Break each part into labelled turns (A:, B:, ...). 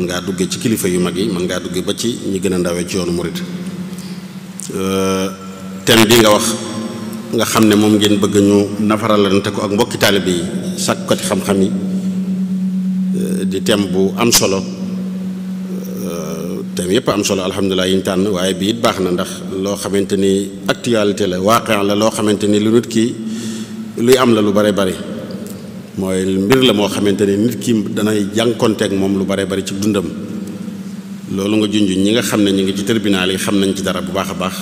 A: mën ngaa dugge ci kilifa yu mag yi mën ngaa dugge ba ci ñi gën a ndawee ci yoonu murit euh, thème bi nga wax nga xam ne moom ngeen bëgg ñu nafaralante ko ak mbokki taalibe yi sàkkati xam-xam yi euh, di thème bu am solo euh, thème yëpp am solo alhamdulilah yi ñu tànn waaye bii it baax na ndax loo xamante ni actualité la waaqe la loo xamante ni lu nit kii luy am la lu bare bare mooy mbir la moo xamante ne nit ki danay jànkonteeg moom lu bare bari ci dundam loolu nga junj ñi nga xam ne ñu ngi ci tribunal yi xam nañ ci dara bu baax a baax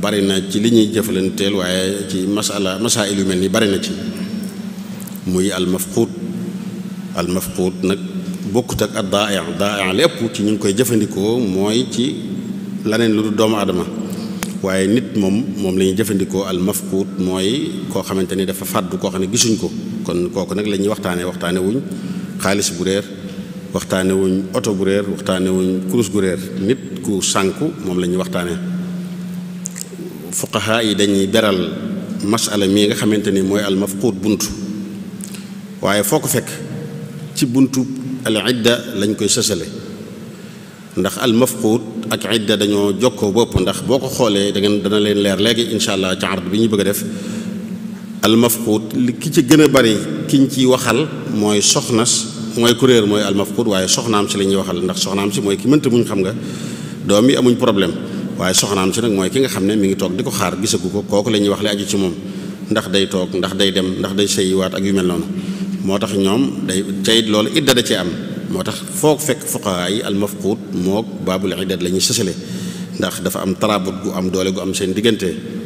A: bari na ci li ñuy jëflanteel waaye ci masala masail yu mel ni bari na ci muy almafquud almafquud nag bokkut ak daa daayan lépp ci ñu ngi koy jëfandikoo mooy ci laneen lu du doomu aadama waaye nit moom moom la ñuy jëfandikoo almafquud mooy koo xamante ni dafa fàddu koo xam ne gisuñ ko kon kooku nag lañuy waxtaanee waxtaane wuñ xaalis bu réer waxtaane oto bu réer waxtaane wuñ kurus gu réer nit ku sànku moom la ñuy waxtaane fuqaha yi dañuy beral masala mii nga xamante ni mooy al mafquud bunt waaye foo ko fekk ci buntu al idda lañ koy sësale ndax al mafquud ak idda dañoo jokkoo bopp ndax boo ko xoolee da ngeen dana leen leer léegi incha allah ci ard bi ñu bëgg a def almafquud li ki ci gën a bari ñu ciy waxal mooy soxnas mooy kuréer mooy almafquud waaye soxna am si la ñuy waxal ndax soxna si mooy ki mënta muñ xam nga doom yi amuñ problème waaye soxnaam si nag mooy ki nga xam ne mi ngi toog di ko xaar gisagu ko kooku la ñuy wax li aju ci moom ndax day toog ndax day dem ndax day sëyiwaat ak yu mel noonu moo tax ñoom day cayit loolu it da cee am moo tax foog fekk fuqahaa yi almafquud mook baabul iddat lañuy ñuy ndax dafa am taraabut gu am doole gu am seen diggante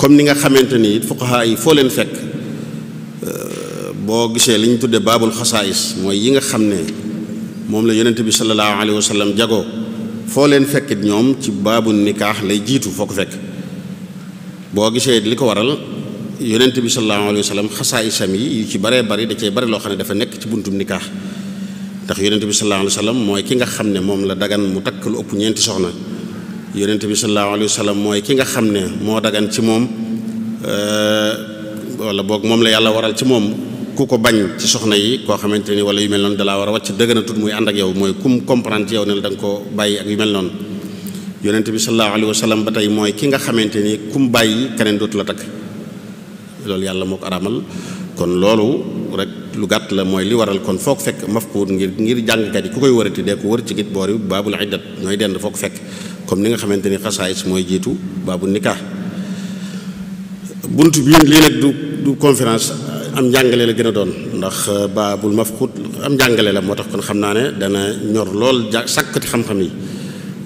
A: comme ni nga xamante ni fuqaha yi foo leen fekk euh, boo gisee li ñu tuddee baabul xasaayis mooy yi nga xam ne moom la yonent bi sallallahu alayhi wa sallam foo leen fekkit ñoom ci baabul nikaax lay jiitu foo ko boo gisee li ko waral yonent bi sallallahu alayhi wa sallam xasaayisam ci baree bari da cee bari loo xam ne dafa nekk ci buntum nikaax ndax yonent bi sallallahu alayhi wa mooy ki nga xam ne moom la dagan mu takk lu ëpp ñeenti soxna yonent bi sallallahu alayhi wa mooy ki nga xam ne moo dagan ci moom euh, wala boog moom la yàlla waral ci moom ku ko bañ ci soxna yi koo xamante ni wala yu mel noonu dalaa war a wàcc dëgg na tut muy ànd ak yow mooy kum comprendre ci yow nga koo bàyyi ak yu mel noonu yonent bi sallallahu alayhi wa ba tey mooy ki nga xamante ni kum bàyyi keneen dootu la takk loolu yàlla moo ko araamal kon loolu rek lu gàtt la mooy li waral kon foog fekk mafkuut ngir ngir jàngkat yi ku koy wërati dee ko wër ci git boor yi baabul iddat ñooy dend foog fekk comme ni nga xamante ni su mooy jiitu baabu nika bunt bi lii nag du du conférence am njàngale la gën a doon ndax euh, baabul mafqud am njàngale la moo tax kon xam naa ne dana ñor lool ja sàkkati xam-xam yi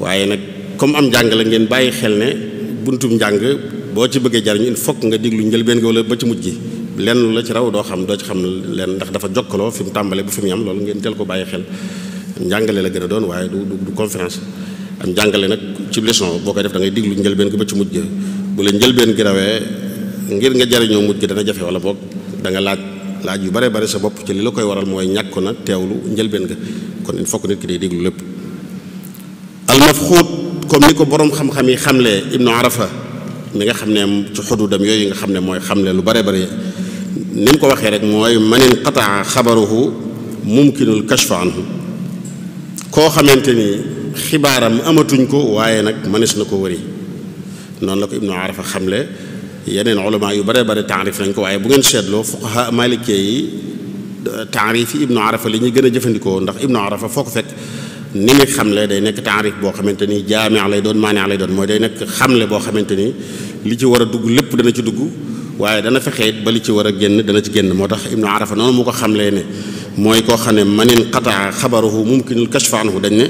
A: waaye nag comme am njàngale ngeen bàyyi xel ne buntum njàng boo ci bëggee jariñu il faut nga déglu njëlbeen gi wala ba ci mujj gi lenn la ci raw doo xam doo ci xam leen ndax dafa jokkaloo fi mu tàmbalee ba fi mu yam loolu ngeen teel ko bàyyi xel njàngale la gën a doon waaye du du conférence am jàngale nag ci leçon boo koy def da ngay diglu njëlbeen gi ba ci mujj ga bu la njëlbeen gi rawee ngir nga jariñoo mujj gi dana jafe wala boog da nga laaj laaj yu bare bare sa bopp ci li la koy waral mooy ñàkk na teewlu njëlbeen ga kon il faut que nit ki day comme ni ko boroom xam-xam yi xamlee ibnu arafa mi nga xam ne ci dem yooyu nga xam ne mooy xamle lu bare bare ni ko waxee rek mooy man inqataa xabaruhu mumkinul kashfu anhu koo xamante ni xibaaram amatuñ ko waaye nag mënees na ko wëri noonu la ko ibnu arafa xamle yeneen ulama yu bare bare taarif nañ ko waaye bu ngeen seetloo fuqaha malikee yi taarif yi ibnu arafa li ñuy gën a jëfandikoo ndax ibnu arafa foo ko fekk ni muy xamle day nekk taarif boo xamante ni jaamee lay doon maanee lay doon mooy day nekk xamle boo xamante ni li ci war a dugg lépp dana ci dugg waaye dana fexeet ba li ci war a génn dana ci génn moo tax ibnu arafa noonu mu ko xamlee ne mooy koo xam ne manin qataa xabaruhu mumkinul kashf anhu dañ ne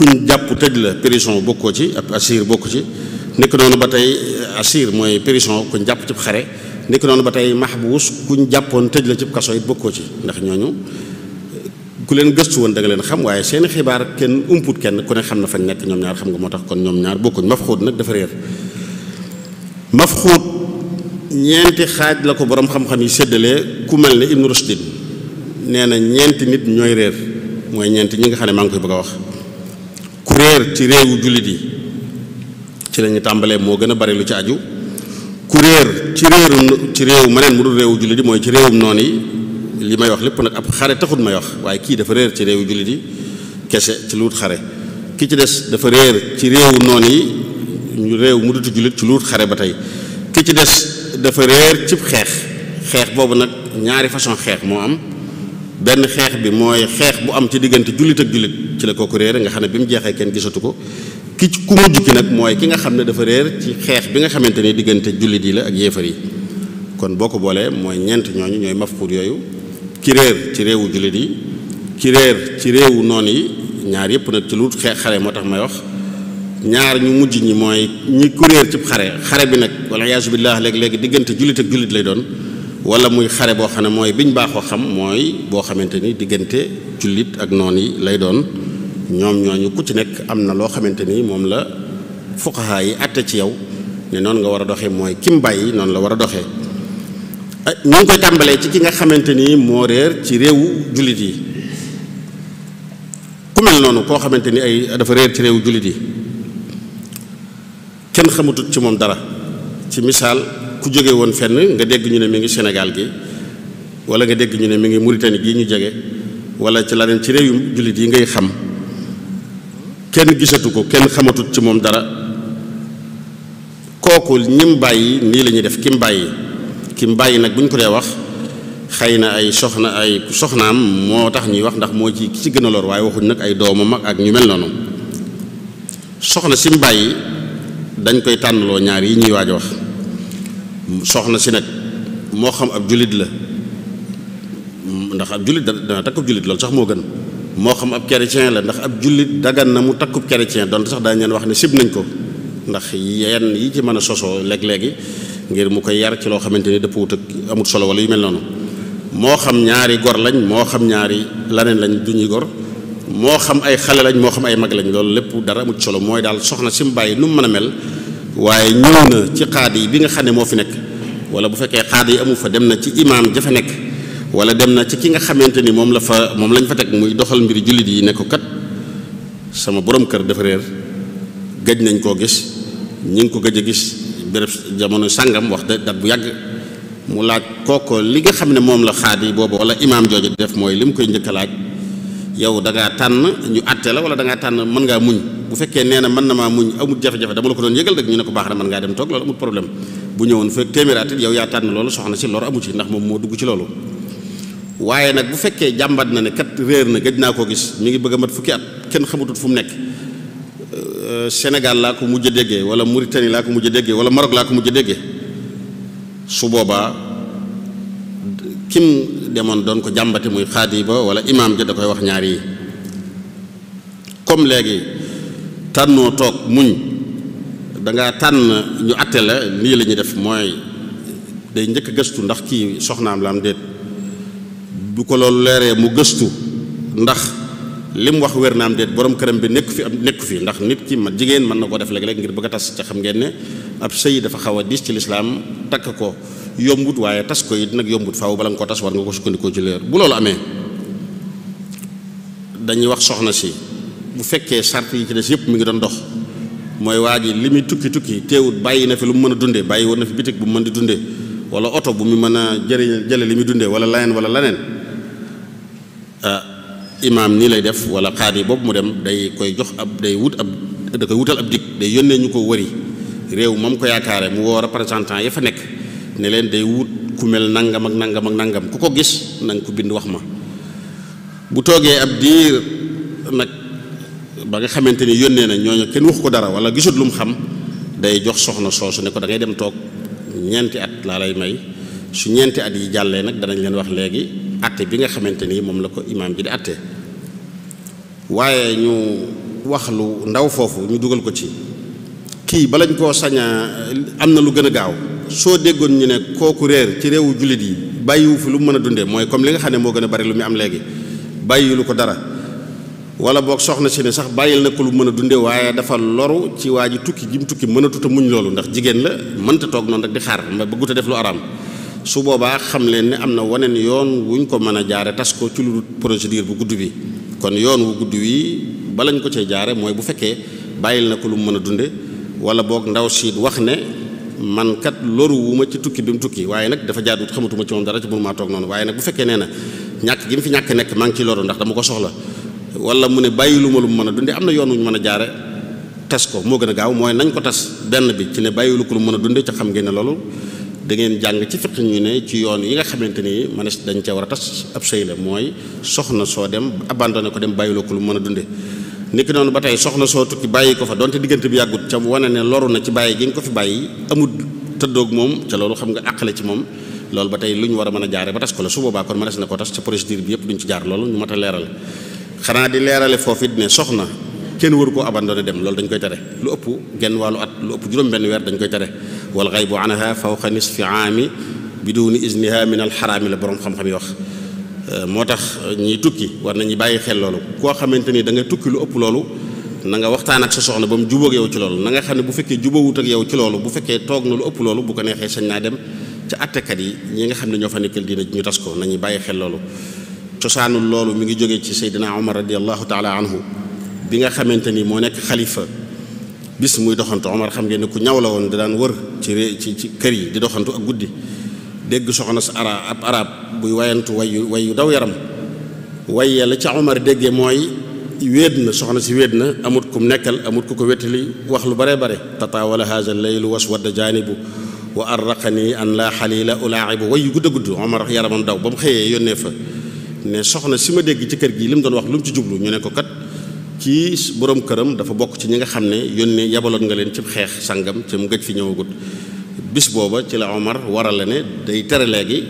A: kuñ jàpp tëj la prison bokkoo ci ab asir bokku ci nekk noonu ba tey asir mooy prison kuñ jàpp ci xare nekk noonu ba tey mahbuus kuñ jàppoon tëj la ci kaso yi bokkoo ci ndax ñooñu ku leen gëstu woon da leen xam waaye seen xibaar kenn umput kenn ku ne xam na fañ nekk ñoom ñaar xam nga moo tax kon ñoom ñaar bokkuñ mafxuut nag dafa réer mafxuut ñeenti xaaj la ko borom xam-xam yi séddalee ku mel ne ibnu rushdin nee ñeenti nit ñooy réer mooy ñeenti ñi nga xam ne maa ngi koy wax ku réer ci réewu jullit yi ci lañu tàmbalee moo gën a bari lu ci aju ku réer ci réeru ci réew meneen mu dul réewu jullit yi mooy ci réewum noonu yi li may wax lépp nag ab xare taxut may wax waaye kii dafa réer ci réewu jullit yi kese ci luut ki ci des dafa réer ci réewu noonu yi ñu réew mu dutu jullit ci luut xare ba tey ki ci des dafa réer cib xeex xeex boobu nag ñaari façon xeex moo am benn xeex bi mooy xeex bu am ci diggante jullit ak jullit ci la kooku réere nga xam ne bi mu jeexee kenn gisatu ko ki ci ku mujj ki nag mooy ki nga xam ne dafa réer ci xeex bi nga xamante ni diggante jullit yi la ak yéefar yi kon boo ko boolee mooy ñeent ñooñu ñooy mafkuur yooyu ki réer ci réewu jullit yi ki réer ci réewu noon yi ñaar yëpp nag ci lu xeex xare moo tax may wax ñaar ñu mujj ñi mooy ñi ku ci xare xare bi nag wala yaasu billah léegi-léegi diggante jullit ak lay doon wala muy xare boo xam ne mooy biñ baaxoo xam mooy boo xamante ni diggante jullit ak noon yi lay doon ñoom ñooñu ku ci nekk am na loo xamante ni moom la fuqaha yi àtte ci yow ne noonu nga war a doxe mooy kim bàyyi noonu la war a doxee ah, ñu ngi koy tàmbalee ci ki nga xamante ni moo réer ci réewu jullit yi ku noonu koo xamante ni ay dafa réer ci réewu jullit yi kenn xamutut ci moom dara ci misaal ku jóge woon fenn nga dégg ñu ne mi ngi Sénégal gi wala nga dégg ñu ne mi ngi Mauritanie gii ñu jege wala ci leneen ci réewu jullit yi ngay xam kenn gisatu ko kenn xamatut ci moom dara kooku ñim bàyyi nii lañuy def kim bàyyi kim bàyyi nag bu ñu ko dee wax xëy na ay soxna ay soxnaam moo tax ñuy wax ndax moo ci ci gën a lor waaye waxuñ nag ay doomam ak ñu mel noonu soxna si mu bàyyi dañ koy tànnaloo ñaar yi ñuy waaja wax soxna si nag moo xam ab jullit la ndax ab jullit dana takk ab jullit loolu sax moo gën moo xam ab chrétien la ndax ab jullit dagan na mu takkub chrétien donte sax daañu leen wax ne sib nañ ko ndax yenn yi ci mën a sosoo léeg-léegi ngir mu koy yar ci loo xamante ni dëpp wut ak amut solo wala yu mel noonu moo xam ñaari gor lañ moo xam ñaari laneen lañ du gor moo xam ay xale lañ moo xam ay mag lañ loolu lépp dara amut solo mooy daal soxna si mu bàyyi nu mu mën a mel waaye ñëw na ci xaad yi bi nga xam ne moo fi nekk wala bu fekkee xaad yi amu fa dem na ci imaam jafe nekk wala dem na ci ki nga xamante ni moom la fa moom lañ fa teg muy doxal mbiri jullit yi ne ko kat sama borom kër dafa réer gëj nañ koo gis ñu ngi ko gëj a gis béréb jamono sàngam wax dat bu yàgg mu laaj kooko li nga xam ne moom la xaadi boobu wala imaam jooju def mooy li mu koy njëkk a laaj yow da ngaa tànn ñu àtte la wala da ngaa tànn mën ngaa muñ bu fekkee nee na mën na maa muñ amul jafe-jafe dama la ko doon yëgal rek ñu ne ko baax na mën ngaa loolu amul problème bu ci ndax moom moo dugg ci loolu waaye nag bu fekkee jàmbat na ne kat réer na gëj naa koo gis mu ngi bëgg a mat fukki at kenn xamatut fu mu nekk euh, Sénégal laa ko mujj déggee wala Mauritanie laa ko mujj déggee wala Maroc laa ko mujj déggee su boobaa kim demoon doon ko jàmbate muy xaadi ba wala imaam ja da koy wax ñaar yi comme léegi tànnoo toog muñ danga tànn ñu atte la lii la ñuy def mooy day njëkk gëstu ndax kii soxnaam la am déet bu ko loolu leeree mu gëstu ndax li mu wax wér na am déet borom këram bi nekk fi am nekk fi ndax nit ki ma jigéen mën na ko def léeg-léeg ngir bëgg a tas ca xam ngeen ne ab sëy dafa xaw a diis ci lislaam takk ko yombut waaye tas ko it nag yombut faaw bala nga ko tas war nga ko sukkandikoo ci leer bu loolu amee dañuy wax soxna si bu fekkee sart yi ci des yëpp mu ngi doon dox mooy waa ji li muy tukki tukki teewut bàyyi na fi lu mu mën a dundee bàyyi woon na fi bitig bu mu mën di dundee wala oto bu mu mën a jëriñ jële li muy dundee wala laneen wala laneen Euh, imaam nii lay def wala xaadi boobu mu dem day koy jox ab day wut ab da koy wutal ab dig day yónnee ñu ko wëri réew moom ko yaakaare mu woo représentant yi fa nekk ne leen day wut ku mel nangam ak nangam ak nangam ku ko gis nanga ko bind wax ma bu toogee ab diir nag ba nga xamante ni yónnee na ñooñu kenn waxu ko dara wala gisut lu mu xam day jox soxna soosu ne ko dangay dem toog ñeenti at laa lay may su ñeenti at yi jàllee nag danañ leen wax léegi atte bi nga xamante ni moom la ko imaam bi di atte waaye ñu wax lu ndaw foofu ñu dugal ko ci kii balañ koo saña am na lu gën a gaaw soo déggoon ñu ne kooku réer ci réewu jullit yi bàyyiwu fi lu mu mën a dundee mooy comme li nga xam ne moo gën a bari lu mu am léegi bàyyi lu ko dara wala boog soxna si ne sax bàyyil na ko lu mën a dundee waaye dafa loru ci waa ji tukki gi mu tukki mën muñ loolu ndax jigéen la mënta toog noonu rek di xaar ba bëggut a def lu su boobaa xam leen ne am na waneen yoon wuñ ko mën a jaare tas ko ci lu procédure bu guddi bi kon yoon wu guddi wii wi balañ ko cee jaare mooy bu fekkee bàyyil na ko lu mu mën a dunde wala boog ndaw siit wax ne man kat loru wu ma ci tukki bi mu tukki waaye nag dafa jaadu xamatuma ci moom dara ci mënu maa nag bu fekkee nee na ñàkk gi mu fi ñàkk nekk maa ngi ci loru ndax dama ko soxla wala mu ne bàyyi lu ma lu mu mën a dunde am na yoon wuñ mën a jaare tas ko moo gën a gaaw mooy nañ ko tas benn bi ci ne bàyyi ko lu mën a dunde ca xam ngeen ne loolu da ngeen jàng ci fiq ñu ne ci yoon yi nga xamante ni manes dañ ca war a tas ab sëy la mooy soxna soo dem abandonné ko dem bàyyiloo ko lu mën a dunde niki noonu ba tey soxna soo tukki bàyyi ko fa donte diggante bi yàggut ca wane ne loru na ci bàyyi gi ko fi bàyyi amul tëddoog moom ca loolu xam nga àqale ci moom loolu ba tey lu ñu war a mën a jaare ba tas ko la su boobaa ko tas ca procédure bi yëpp duñ ci jaar loolu ñu a leeral xanaa di leerale foofu it ne soxna kenn waru koo abandonné dem loolu dañ koy tere lu ëpp genn wàllu at lu ëpp juróom benn weer dañ koy tere walxaybu anha fawqa nisfi aami biduni izniha min alxaraami la borom xam-xam yi wax moo tax ñiy tukki war nañu bàyyi xel loolu koo xamante ni da nga tukki lu ëpp loolu na nga waxtaan ak sa soxna ba mu jubóog yow ci loolu na nga xam ne bu fekkee jubóowut ak yow ci loolu bu fekkee toog na lu ëpp loolu bu ko neexee sañ naa dem ci attekat yi ñi nga xam ne ñoo fa nekkal diina ñu tas ko nañu bàyyi xel loolu cosaanul loolu mi ngi jógee ci seydina omar radiallahu taala anhu bi nga xamante ni moo nekk xalifa bis muy doxantu Omar xam ngeen ne ku ñaw la woon da daan wër ci ci ci kër yi di doxantu ak guddi dégg soxna sa ara ab arab buy wayantu way wayu daw yaram waye la ca Omar déggee mooy wéet na soxna si wéet na amut kum nekkal amut ku ko wettali wax lu bare bare tataawala haza leylu waswadda jaanibu wa arraqani an la xalila ulaaxibu wayu gudd a gudd Omar yaramam daw ba mu xëyee yónnee fa ne soxna si ma dégg ci kër gi li mu doon wax lu mu ci jublu ñu ne ko kat ci borom këram dafa bokk ci ñi nga xam ne yónnee yabaloon nga leen ci xeex sangam ci mu gëj fi ñëw ñëwagut bis booba ci la Omar waral la ne day tere léegi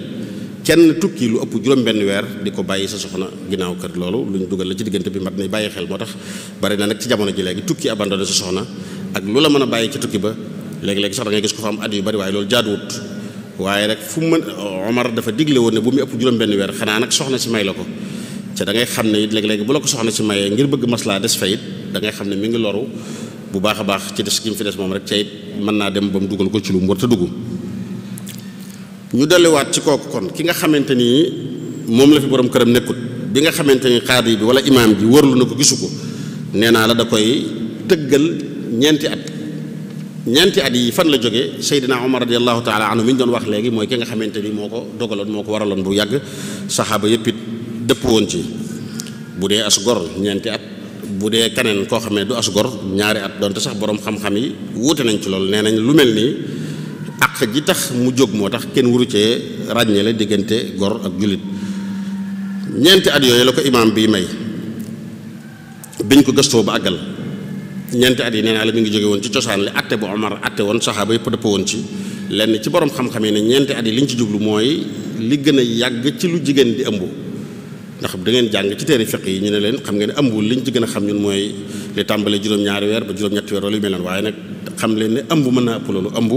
A: kenn tukki lu ëpp juróom-benn weer di ko bàyyi sa soxna ginnaaw kër loolu lu ñu dugal la ci diggante bi mag ni bàyyi xel moo tax bari na nag ci jamono ji léegi tukki abandonné sa soxna ak lu la mën a bàyyi ci tukki ba léegi-léegi sax da ngay gis ko fa am at yu bari waaye loolu jaaduwut waaye rek fu mu dafa digle woon ne bu mu ëpp juróom weer xanaa nag soxna si may la ko te dangay xam ne it léeg-léeg bu la ko soxna si mayee ngir bëgg maslaa des fay it da xam ne mi ngi loru bu baax a baax ci des ki mu fi des moom rek ca it mën naa dem ba mu dugal ko ci lu mu war a dugg ñu ci kooku kon ki nga xamante ni moom la fi borom këram nekkut bi nga xamante ni xaadi bi wala imaam bi wërlu na ko gisu ko nee naa la da koy tëggal ñeenti at ñeenti at yi fan la jógee Seydina Omar radiallahu taala anhu mi ñu doon wax léegi mooy ki nga xamante ni moo ko dogaloon moo ko waraloon bu yàgg saxaaba yëpp it dëpp woon ci bu dee as gor ñeenti at bu dee keneen koo xam ne du as gor ñaari at donte sax borom xam-xam yi wuute nañ ci lool nee nañ lu mel nii àq ji tax mu jóg moo tax kenn wuru cee ràññeele diggante gor ak jullit ñeenti at yooyu la ko imaam bi may biñ ko gëstoo ba àggal ñeenti at yi nee naa la mi ngi jóge woon ci cosaan li atte bu Omar atte woon saxaaba yëpp dëpp woon ci lenn ci borom xam-xam yi ne ñeenti at yi liñ ci jublu mooy li gën a yàgg ci lu jigéen di ëmb ndax da jàng ci téere fiq yi ñu ne leen xam ngeen ne ëmbul liñ ci gën a xam ñun mooy li tàmbale juróom-ñaari weer ba juróom-ñetti weer wala yu mel noonu waaye nag xam leen ne ëmb mën naa ëpp loolu ëmb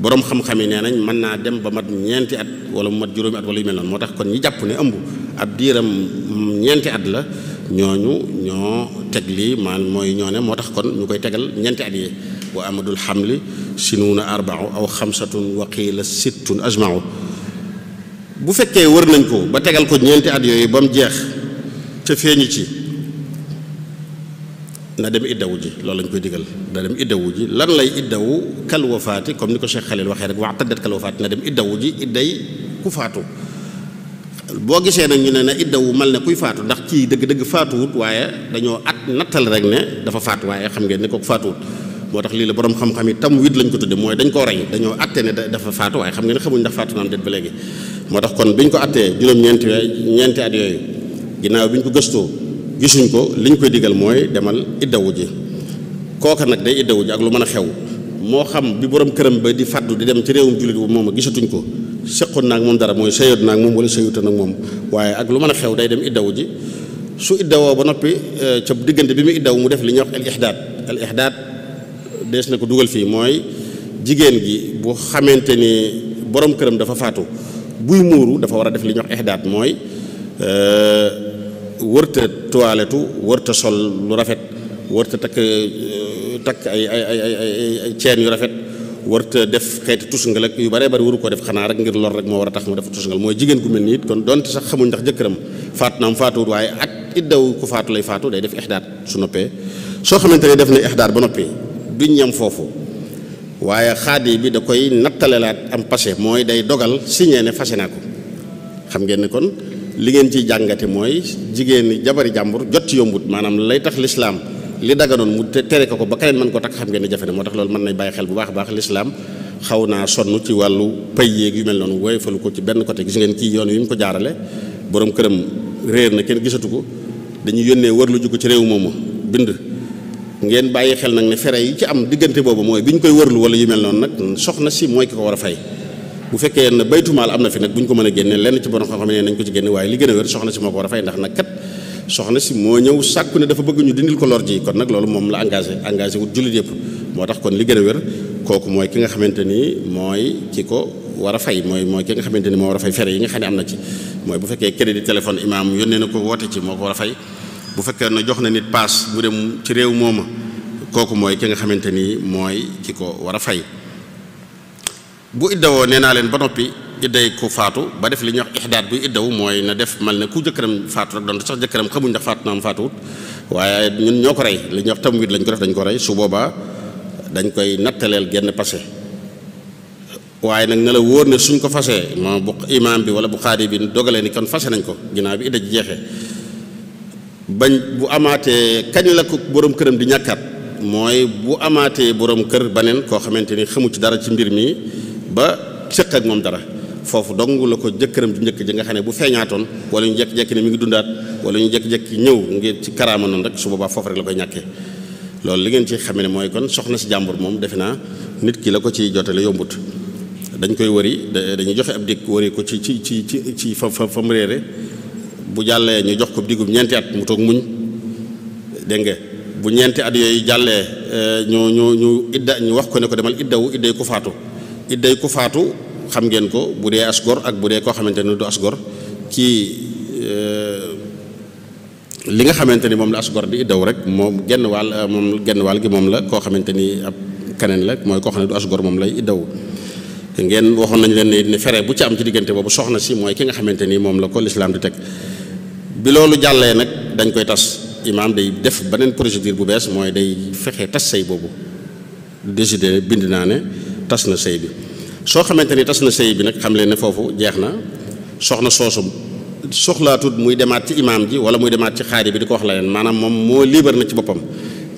A: borom xam-xam yi nee nañ mën naa dem ba mat ñeenti at wala mu mat juróomi at wala yu mel noonu moo tax kon ñi jàpp ne ëmb ab diiram ñeenti at la ñooñu ñoo teg lii maan mooy ñoo ne moo tax kon ñu koy tegal ñeenti at yi wa amadul xamli sinuuna arbau aw xamsatun wa qiila sittun ajmau bu fekkee wër nañ ko ba tegal ko ñeenti at yooyu ba mu jeex ca feeñu ci na dem iddawu ji loolu lañ koy digal na dem iddawu ji lan lay iddawu kal wafaati comme ni ko Cheikh Khalil waxee rek wax taddat kal wafaati na dem iddawu ji idday ku faatu boo gisee nag ñu ne na wu mal ne kuy faatu ndax kii dëgg-dëgg faatuwut waaye dañoo at nattal rek ne dafa faatu waaye xam ngeen ni ko faatuwut moo tax lii la boroom xam-xam yi tam wit lañ ko tudde mooy dañ koo rey dañoo atte ne dafa faatu waaye xam nga a xamuñ ndax faatu naam déet ba léegi moo tax kon biñ ko attee juróom-ñeenti ñeenti at yooyu ginnaaw biñ ko gëstoo gisuñ ko liñ koy digal mooy demal iddawu ji kooka nag day iddawu ji lu mën a xew moo xam bi borom këram ba di faddu di dem ci réewum jullit bu moom a gisatuñ ko seqoon naag moom dara mooy sëyoot naag moom wala sëyuta nag moom waaye ak lu mën a xew day dem iddawu ji su iddawoo ba noppi eh, ca diggante bi mu iddaw mu def li ñuy wax al ihdaat al ihdaat des na ko dugal fii mooy jigéen gi bu xamante ni borom këram dafa faatu buy muuru dafa war a def li ñuy wax ihdaat mooy euh, wërta toiletu wërta sol lu rafet wërta takk euh, takk ay ay ay ay ceen yu rafet wërta def xeeti tusngal ak yu bare bari waru ko def xanaa rek ngir lor rek moo war a tax mu def tusngal mooy jigéen gu mel nii kon donte sax xamuñ ndax jëkkëram faatu na am faatuwut waaye at iddaw ko faatu lay faatu day def ihdaat su noppee soo xamante ne def na ihdaat ba noppi duñ ñam foofu waaye xaadi bi da koy nattalelaat am passé mooy day dogal signé ne fase naa ko xam ngeen ne kon li ngeen ciy jàngate mooy jigéen ñi jabari jàmbur jot ci yombut maanaam lay tax lislaam li daga daganoon mu tere ko ko ba keneen man ko takk xam ngeen ne jafe na moo tax loolu mën nañ bàyyi xel bu baax a baax lislaam xaw naa sonn ci wàllu pay yeeg yu mel noonu woyofalu ko ci benn côté gis ngeen kii yoon wi mu ko jaarale boroom këram réer na kenn gisatu ko dañuy yónnee wërlu ko ci réew moomu bind ngeen bàyyi xel nag ne fere yi ci am diggante boobu mooy bi ñu koy wërlu wala yu mel noonu nag soxna si mooy ki ko war a fay bu fekkee ne baytumaal am na fi nag ñu ko mën a génne lenn ci borom xam-xam ne nañ ko ci génne waaye li gën a wér soxna si a fay ndax nag kat soxna si moo ñëw sàkku ne dafa bëgg ñu dindil ko lor ji kon nag loolu moom la engagé engagé wut jullit yëpp moo tax kon li gën a wér kooku mooy ki nga xamante ni mooy ki ko war a fay mooy mooy ki nga xamante ni moo war a fay fere yi nga xam ne am na ci mooy bu fekkee crédit téléphone imam yónnee na ko woote ci war a fay bu fekkee na jox na nit paas mu dem ci réew mooma kooku mooy ki nga xamante nii mooy ki ko war a fay bu iddawoo nee naa leen ba noppi idday ku faatu ba def li ñuy wax ixdaat buy iddaw na def mal ne ku jëkkëram faatu rek donte sax jëkkëram xamuñ ndax faatu na am waaye ñun ñoo ko rey li ñuy wax tamwid lañ ko def dañ ko rey su boobaa dañ koy nattaleel genn passé waaye nag na la ne suñ ko fasee moom bu imaam bi wala bu bi dogalee ni kon fase nañ ko ginnaaw bi idda ji jeexee bañ bu amaatee kañ la ko borom këram di ñàkkaat mooy bu amaatee borom kër baneen koo xamante ni xamu ci dara ci mbir mi ba sëq ak moom dara foofu dong la ko jëkkëram di njëkk ji nga xam ne bu feeñaatoon wala ñu jekk ne mi ngi dundaat wala ñu jekk-jekki ñëw ngir ci karaama noonu rek su boobaa foofu rek la koy ñàkkee loolu li ngeen ci xamee ne mooy kon soxna si jàmbur moom defe naa nit ki la ko ciy jotale yombut dañ koy wëri dañuy joxe am dikk wëri ko ci ci ci ci ci fa fa réere bu jàllee ñu jox ko digub ñeenti at mu toog muñ dégg nga bu ñeenti at yooyu jàllee eh, ñu ñu ñu idda ñu wax ko ne ko demal iddawu idday ku faatu idday ku faatu xam ngeen ko bu dee asgor ak bu dee koo xamante ni du asgor eh, li nga xamante ni moom la asgor di iddaw rek moom genn wàll eh, moom genn wàll gi moom la koo xamante ni ab keneen la mooy koo xam ne du asgor moom lay iddaw ngeen waxoon nañu leen ne fere bu ci am ci diggante boobu soxna si mooy ki nga xamante ni moom la ko lislaam di teg bi loolu jàllee nag dañ koy tas imaam day def beneen procédure bu bees mooy day fexe tas sëy boobu décider bind naa ne tas na sëy bi soo xamante ni tas na sëy bi nag xam leen ne foofu jeex na soxna soosu soxlaatut muy demaat ci imaam ji wala muy demaat ci xaari bi di ko wax la maanaam moom moo liibar na ci boppam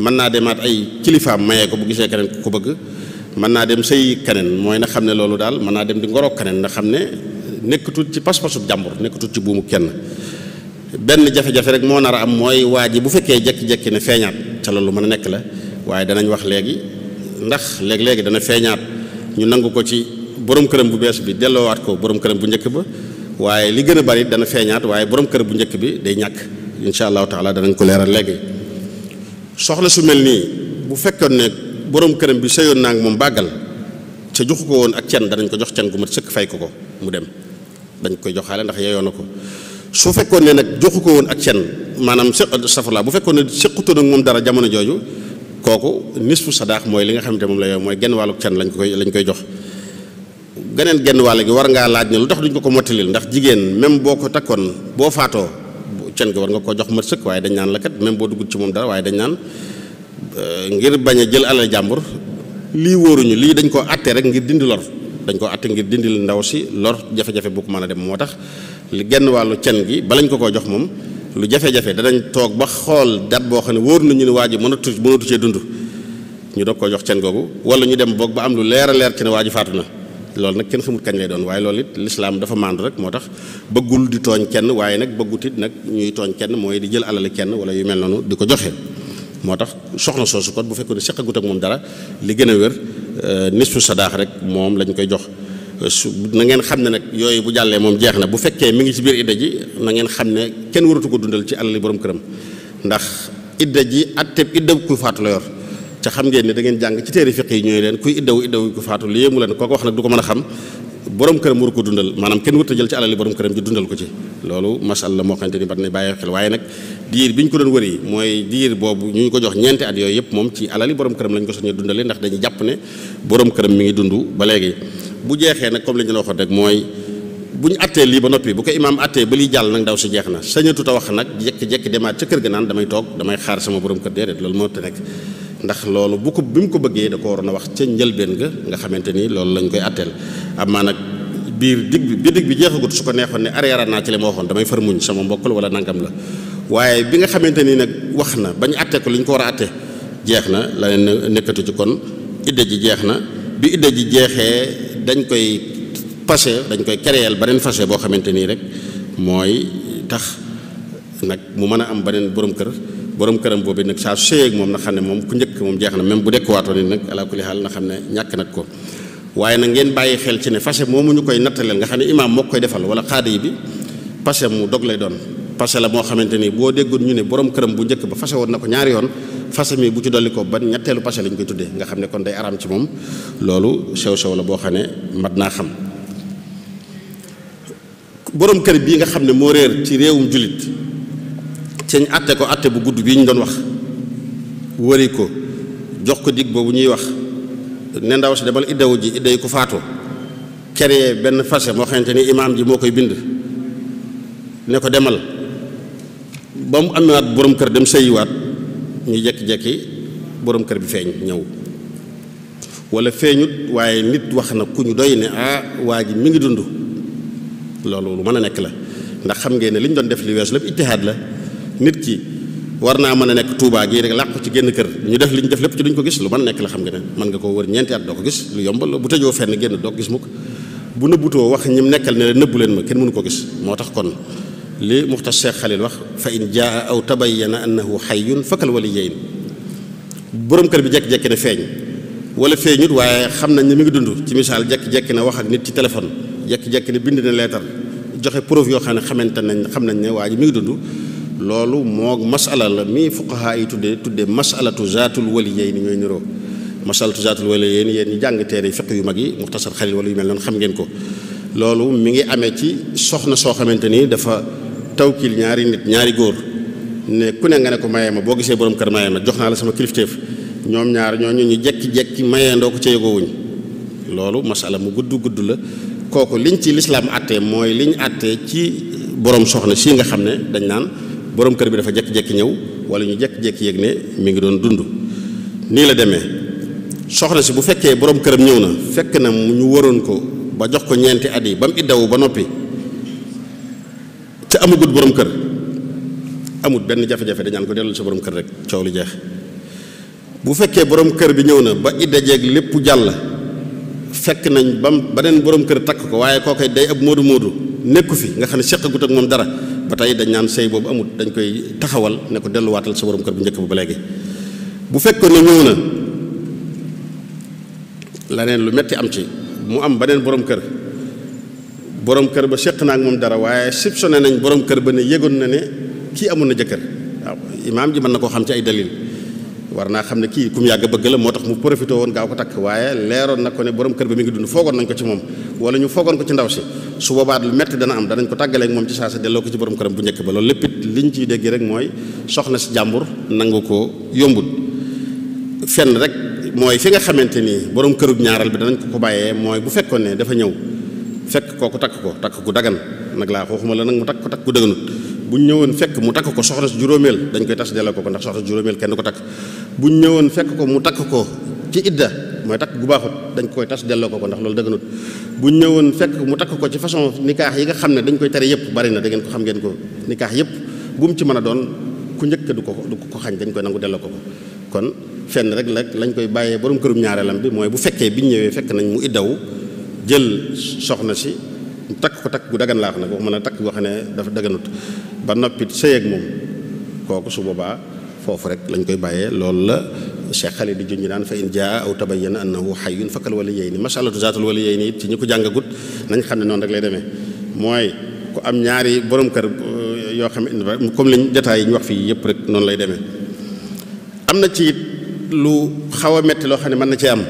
A: mën naa demaat ay kilifaam mayee ko bu gisee keneen ku ko bëgg mën naa dem sëy keneen mooy na xam ne loolu daal mën naa dem di keneen na xam ne nekkatul ci pas-pasub jàmbur nekkatul ci buumu kenn benn jafe-jafe rek moo nar a am mooy waa ji bu fekkee jekki-jekki ne feeñaat ca loolu mën a nekk la waaye danañ wax léegi ndax léeg-léegi dana feeñaat ñu nangu ko ci borom këram bu bees bi delloowaat ko borom këram bu njëkk ba waaye li gën bari dana feeñaat waaye borom kër bu njëkk bi day ñàkk incha allahu taala danañ ko leeral léegi soxla su mel nii bu fekkoon ne borom këram bi sëyoon naa ak moom bàggal te joxu ko woon ak cen danañ ko jox cen gu mat sëkk fay ko ko mu dem dañ koy joxaale ndax yeyoo ko su fekkoon ne nag joxu ko woon ak cen maanaam safara bu fekkoon ne séqutoon ak moom dara jamono jooju kooku nisfu sadaax mooy li nga xam xamante moom la yow mooy genn wàlluk cen lañ koy lañ koy jox geneen genn wàll gi war ngaa laaj ne lu tax duñ ko ko mottalil ndax jigéen même boo ko takkoon boo faatoo cen gi war nga koo jox mat sëkk waaye dañ naan la kat même boo duggut ci moom dara waaye dañ naan euh, ngir bañ a jël alal jàmbur lii wóoruñu lii dañ ko àtte rek ngir dindi lor dañ ko atte ngir dindil ndaw si lor jafe-jafe bu ko mën a dem moo tax li genn wàllu cen gi balañ ko koo jox moom lu jafe-jafe danañ toog ba xool dat boo xam ne wóor nañu ne waa ji mënatu mënatu cee dund ñu doog koo jox cen googu wala ñu dem boog ba am lu leer leer ci ne waa ji faatu na loolu nag kenn xamul kañ lay doon waaye loolu it lislaam dafa màndu rek moo tax bëggul di tooñ kenn waaye nag bëggutit nag ñuy tooñ kenn mooy di jël alale kenn wala yu mel noonu di ko joxe moo tax soxna soosu kon bu fekkoon ne seqagut ak moom dara li gën a wér euh, sa daax rek moom lañ koy jox euh, su na ngeen xam ne nag yooyu bu jàllee moom jeex na bu fekkee mi ngi si biir idda ji na ngeen xam ne kenn waratu ko dundal ci alali boroom këram ndax idda ji atteb idda ku faatu la yor te xam ngeen ne jàng ci téere fiq yi ñooy leen kuy iddawu iddawu ku faatu li yéemu leen kooku wax nag du ko mën a xam borom këram war ko dundal maanaam kenn wut a jël ci alali borom këram ji dundal ko ci loolu masal la moo xamante ni war na bàyyi xel waaye nag diir bi ñu ko doon wër yi mooy diir boobu ñu ko jox ñeenti at yooyu yëpp moom ci alali borom këram lañ ko soññee dundale ndax dañu jàpp ne borom këram mi ngi dund ba léegi bu jeexee nag comme li ñu la waxoon rek mooy bu ñu attee lii ba noppi bu ko imaam attee ba liy jàll nag ndaw si jeex na sañatut a wax nag jekki-jekki kër ga naan damay toog damay xaar sama borom kër déedéet loolu moo te nekk ndax loolu bu ko bi mu ko bëggee da ko waroon a wax ca njëlbéen ga nga xamante ni loolu lañ koy atteel amaa nag biir dig bi bi dig bi jeexagut su ko neexoon ne arrière naa ci li ma waxoon damay far muñ sama mbokk la wala nangam la waaye bi nga xamante nii nag wax na bañ atte ko li ñu ko war a atte jeex na la nekkatu ci kon idda ji jeex na bi idda ji jeexee dañ koy passé dañ koy créer beneen fase boo xamante nii rek mooy tax nag mu mën a am beneen borom kër borom këram boobu nag saa su seeyee ak moom na xam ne moom ku njëkk moom jeex na même bu dekkuwaatoo ni nag ala xaal na xam ne ñàkk nag ko waaye nag ngeen bàyyi xel ci ne fase moomu ñu koy nattaleel nga xam ne imaam moo koy defal wala xaadi bi lay doon pase la moo xamante ni boo déggoon ñu ne borom këram bu njëkk ba fase woon ko ñaari yoon fase mi bu ci dolli ko ba ñetteelu pase lañ koy tuddee nga xam ne kon day araam ci moom loolu sew-sew la boo xam ne mat naa xam borom kër bii nga xam ne moo réer ci réewum jullit sëñ atte ko atte bu gudd bii ñu doon wax wari ko jox ko digg boobu ñuy wax ne ndaw si demal iddawu ji idda yi ku kere créé benn fase moo xamante ni imaam ji moo koy bind ne ko demal ba mu amewaat borom kër dem sëyiwaat ñu jekki-jekki borom kër bi feeñ ñëw wala feeñut waaye nit wax na ku ñu doy ne ah waa ji mi ngi dund loolu lu mën a nekk la ndax xam ngeen ne li ñu doon def li weesu lépp ittihaad la nit ki war naa mën a nekk Touba gii rek làqu ci génn kër ñu def li ñu def lépp ci duñ ko gis lu mën nekk la xam nga ne mën nga koo wër ñeenti at doo ko gis lu yombal la bu tëjoo fenn génn doo ko gis mukk bu nëbbutoo wax ñim nekkal ne la nëbbu leen ma kenn mënu ko gis moo tax kon li muxtas Cheikh Xalil wax fa in jaa aw na tabayyana annahu xayyun fakal waliyayn borom kër bi jekki-jekki ne feeñ wala feeñut waaye xam nañ ne mu ngi dund ci misaal jekki-jekki ne wax ak nit ci téléphone jekki-jekki ne bind na leetar joxe preuve yoo xam ne xamante nañ xam nañ ne waa ji mi ngi dund loolu moo masala la mii fuqaha yi tuddee tuddee masalatu zaatul waliyayni ñooy niroo masalatu zaatul waliyayni yéen ñi jàng teere fiq yu mag yi muxtasar xalil wala yu mel noonu xam ngeen ko loolu mi ngi amee ci soxna soo xamante ni dafa tawkil ñaari nit ñaari góor ne ku ne nga ne ko mayee ma boo gisee borom kër mayee ma jox naa la sama kilifteef ñoom ñaar ñooñu ñu jekki-jekki mayee ndoo ko ca yëgoowuñ loolu masala mu gudd gudd la kooku liñ ci lislaam àttee mooy liñ àttee ci borom soxna si nga xam ne dañ naan borom kër bi dafa jekki-jekki ñëw wala ñu jekki-jekki yéeg ne mi ngi doon dund nii la demee soxna si bu fekkee borom këram ñëw na fekk na ñu waroon ko ba jox ko ñeenti at yi ba mu ba noppi te amagut borom kër amut benn jafe-jafe dañaan ko dellul si borom kër rek coow lu jeex bu fekkee borom kër bi ñëw na ba idda jeeg lépp jàll fekk nañ bam beneen borom kër takk ko waaye kookoy day ab moodu moodu nekku fi nga xam ne seqagut ak moom dara ba tey dañ naan sëy boobu amut dañ koy taxawal ne ko delluwaatal sa borom kër bu njëkk ba ba léegi bu fekkoon ne ñoo na laneen lu metti am ci mu am beneen borom kër borom kër ba seq naa ak moom dara waaye soupçonné nañ borom kër ba ne yëgoon na ne kii amoon na jëkkër waaw imaam ji man na koo xam ci ay dalil war naa xam ne kii ku mu yàgg bëgg la moo tax mu profité woon gaaw ko takk waaye leeroon na ko ne borom kër ba mi ngi dund foogoon nañ ko ci moom wala ñu foogoon ko ci ndaw si su boobaa lu metti dana am danañ ko tàggaleeg moom ci saa si delloo ko ci borom këram bu njëkk ba mooy soxna si jàmbur nangu ko yombut fenn rek mooy fi nga xamante ni borom kërug ñaaral bi danañ ko ko bàyyee mooy bu fekkoon ne dafa ñëw fekk kooku takk ko takk gu dagan nag laa xooxuma la nag mu takk ko takk gu daganut bu ñëwoon fekk mu takk ko soxna si juróomeel dañ koy tas delloo ko ko ndax soxna si juróomeel kenn ko takk buñ ñëwoon fekk ko mu takk ko ci idda mooy takk gu baaxut dañ koy tas delloo ko ko ndax loolu dëgganut buñ ñëwoon fekk mu takk ko ci façon nikaax yi nga xam ne dañ koy tere yëpp barina na da ngeen ko xam ngeen ko nikaax yëpp bu mu ci mën a doon ku njëkk du ko ko xañ dañ koy nangu delloo ko ko kon fenn rek nag lañ koy bàyyee borom kërum ñaareelam bi mooy bu fekkee bi ñëwee fekk nañ mu iddawu jël soxna si takk ko takk gu dagan laax nag wax mën a takk goo xam ne dafa daganut ba noppit sëy moom kooku su boobaa foofu rek lañ koy bàyyee loolu la Cheikh Khalid di junj naan fa in jaa aw tabayyana annahu hayyun fakkal waliyayni mashalatu zaatul waliyayni it ci ñi ko jàngagut nañ xam ne noonu lay demee mooy ku am ñaari boroom kër euh, yoo xam ne comme liñ jotaay yi ñu wax fii yëpp rek noonu lay deme am na ci lu xaw a metti loo xam ne man na cee am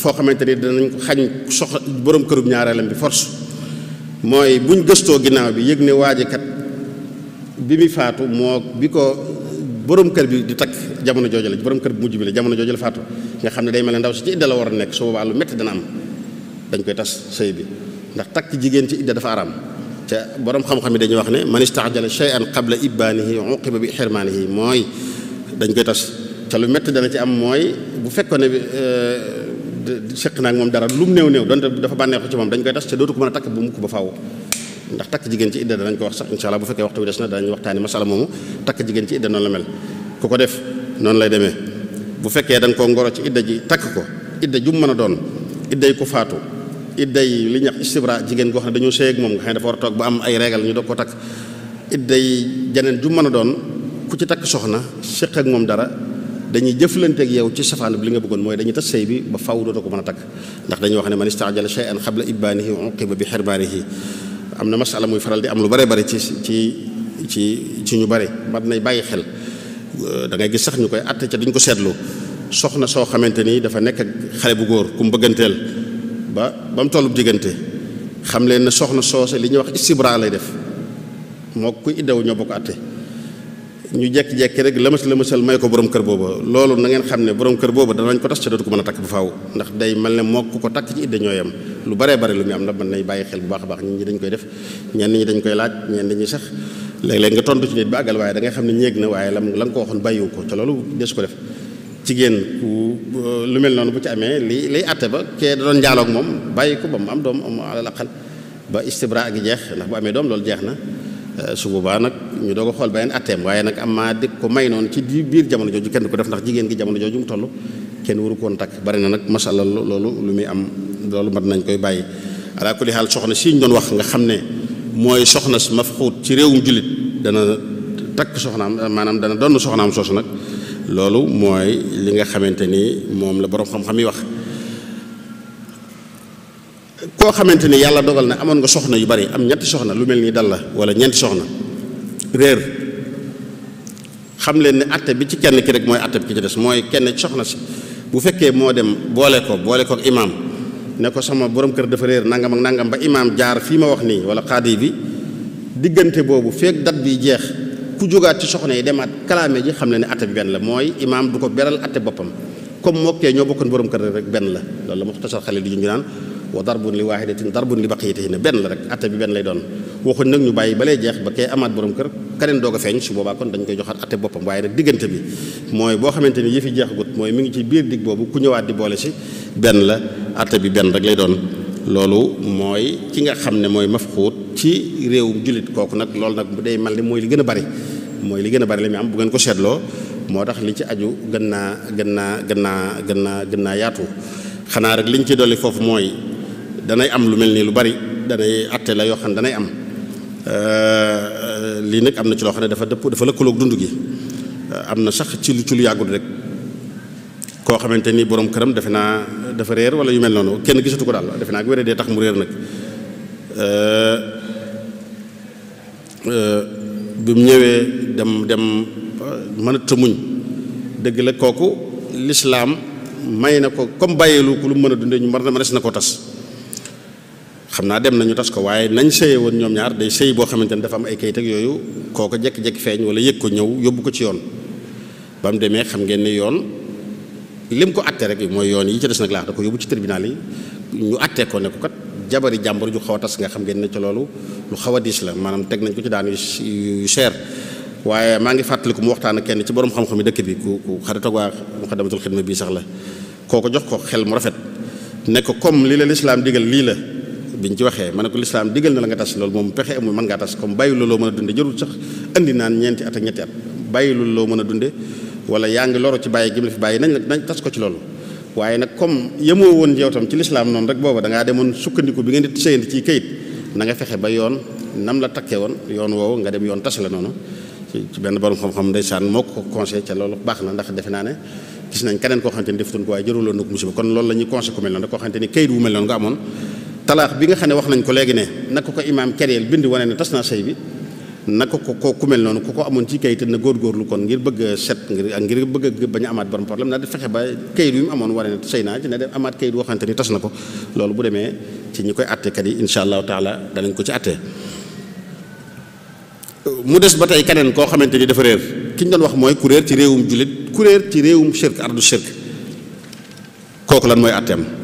A: foo xamante ni danañ ko xañ sox borom kërub ñaareelam bi force mooy buñ gëstoo ginnaaw bi yëg ne waajikat bi mu faatu moo bi ko borom kër bi di takk jamono jooju la borom kër bi mujj bi la jamono jooju la faatu nga xam ne day mel ne ndaw si ci idda la war a nekk su boobaa lu métti dana am dañ koy tas sëy bi ndax takk jigéen ci idda dafa araam ca borom xam-xam dañuy wax ne man istaajala shay'an qabla ibbaanihi uqiba bi xirmaanihi mooy dañ koy tas ca lu métti dana ci am mooy bu fekkoon ne euh, seq naa ak moom dara lu mu néew néew donte dafa bànneexu ci moom dañ koy tas ca dootu ko mën a takk bu mukk ba faw ndax takk jigéen ci idda danañ ko wax sax incha allah bu fekkee waxtu bi des na danañ waxtaani masala moomu takk jigéen ci idda noonu la mel ku ko def noonu lay demee bu fekkee da ko ngoro ci idda ji takk ko idda jum mën a doon idda yi ku faatu idda yi li ñax istibra jigéen goo xam ne dañoo sëy ak moom nga xam ne dafa war ba am ay régal ñu doog ko takk idda yi janeen mën a doon ku ci takk soxna séq ak moom dara dañuy jëflante ak yow ci safaan bi li nga bëggoon mooy dañuy tas sëy bi ba faw dootoo ko mën a takk ndax dañuy wax ne man istaajala shay'an qabla ibbaanihi uqiba bi xirmaanihi am na masala muy faral di am lu bare bare ci ci ci ci ñu bare mat nay bàyyi xel euh, da ngay gis sax ñu koy atte ca duñ ko seetlu soxna soo xamante ni dafa nekk ak xale bu góor ku bëgganteel ba ba mu diggante xam leen ne soxna soose li ñuy wax istibra lay def moo ku iddaw ñoo bokk àtte ñu jekki-jekki rek lëmas lëmasal may ko borom kër booba loolu na ngeen xam ne borom kër booba danañ ko tas ca dootu ko mën a takk bu faaw ndax day mel ne moo ko takk ci idda ñooyam lu baree bare lu mu am la mën nañ bàyyi xel bu baax a baax ñi dañ koy def ñenn ñi dañ koy laaj ñenn ñi sax léeg-léeg nga tontu ci nit ba àggal waaye da ngay xam ne ñéeg na waaye lam la nga ko waxoon bàyyiwu ko te loolu des ko def jigéen ku lu mel noonu bu ci amee li liy àtte ba kee da doon njaaloog moom bàyyi ko ba mu am doom am alal aqal ba istibra gi jeex ndax bu amee doom loolu jeex na euh, su boobaa nag ñu doog xool beneen atteem waaye nag am maa di ko may noonu ci biir jamono jooju kenn ko def ndax jigéen ki jamono jooju mu toll kenn waru koon takk bari na nag masha Allah loolu lu muy am loolu mën nañ koy bàyyi ala kulli xaal soxna si ñu doon wax nga xam ne mooy soxna si mafxuut ci réewum jullit dana takk soxnaam maanaam dana donn am soosu nag loolu mooy li nga xamante ni moom la boroom xam-xam yi wax koo xamante ni yàlla dogal na amoon nga soxna yu bari am ñetti soxna lu mel ni dal la wala ñeenti soxna réer xam leen ni atte bi ci kenn ki rek mooy atte bi ki ci des mooy kenn soxna si bu fekkee moo dem boole ko boole ko ak imaam ne ko sama borom kër dafa réer nangam ak nangam ba imaam jaar fii ma wax nii wala xaadi bi diggante boobu feek dat bi jeex ku jógaat ci soxna yi demaat kalaame ji xam ne ne atte bi benn la mooy imaam du ko beral atte boppam comme mokkee ñoo bokkoon borom kër rek benn la loolu la muxtasar xale di ñu naan wa darbun li waahidatin darbun li ne benn la rek atte bi benn lay doon waxuñ nag ñu bàyyi balay jeex ba kay amaat borom kër keneen doog a feeñ su boobaa kon dañ koy joxaat atte boppam waaye nag diggante bi mooy boo xamante ni yëfi jeexagut mooy mu ngi ci biir digg boobu ku ñëwaat di boole si benn la atte bi benn rek lay doon loolu mooy ki nga xam ne mooy mafxuut ci réewum jullit kooku nag loolu nag day mel ne mooy li gën a bari mooy li gën a bari la ma am bu ngeen ko seetloo moo tax li ci aju gën naa gën naa gën naa gën naa gën naa yaatu xanaa rek liñ ci dolli foofu mooy danay am lu mel nii lu bari danay atte la yoo xam ne danay am Euh, lii nag am na ci loo xam ne dafa dëpp dafa lëkkaloog dund gi euh, am na sax ci lu ci lu yàggul rek koo xamante ni boroom këram defe naa dafa réer wala yu mel noonu kenn gisatu ko daal defe naa ak wéree dee tax mu réer nag euh, bi mu ñëwee dem dem a tëmuñ dëgg la kooku lislaam may na ko comme bàyyeelu ko lu mu mën a dundee ñu mar na ma des na koo tas xam naa dem nañu tas ko waaye nañ sëye woon ñoom ñaar day sëy boo xamante ne dafa am ay kayit ak yooyu kooko jekki-jekki feeñ wala yëg ko ñëw yóbbu ko ci yoon ba mu demee xam ngeen ne yoon lim ko atte rek yi mooy yoon yi ci des nag laax da ko yóbbu ci tribunal yi ñu attee ko ne ko kat jabari jàmbur ju xaw a tas nga xam ngeen ne ci loolu lu xaw a diis la maanaam teg nañ ko ci daan yu cher waaye maa ngi fàttaliku mu waxtaan a kenn ci borom xam-xam yi dëkk bi ku ku xarit ak waa muqaddamatul xidma bii sax la kooko jox ko xel mu rafet ne comme li la lislaam lii la biñ ci waxee ma ne ko lislaam digal na la nga tas loolu moom pexe amul mën ngaa tas comme bàyyi loo mën a dunde jarul sax indi naan ñeenti at ak ñetti at bàyyi loo mën a dunde wala yaa ngi loro ci bàyyi gi mu la fi bàyyi nañ ko ci loolu waaye nag comme yemoo woon yow tam ci lislaam noonu rek booba da ngaa demoon sukkandiku bi ngeen di séyante ci kayit na nga fexe ba yoon nam la takkee woon yoon woow nga dem yoon tas la noonu ci benn borom xam-xam ndeysaan moo ko conseil ca loolu baax na ndax defe naa ne gis nañ keneen koo xamante ni defutoon ko waaye jëruloon na ko la ñuy conseil ku mel noonu rek koo xamante ni kayit wu mel talaax bi nga xam ne wax nañ ko léegi ne naka ko imaam kereel bind wane ne tas naa sëy bi na ko ko ku mel noonu ku ko amoon ci kayit na góorgóorlu kon ngir bëgg a set ngir ngir bëgg a bañ amaat borom problème na di fexe ba kayit yu mu amoon wane ne sëy naa ci ne def amaat kayit woo xamante ni tas na ko loolu bu demee ci ñi koy attekat yi incha allahu taala danañ ko ci attee mu des ba tey keneen koo xamante ni dafa réer ki ñu doon wax mooy ku ci réewum jullit ku ci réewum shirk ardu shirk lan mooy atteem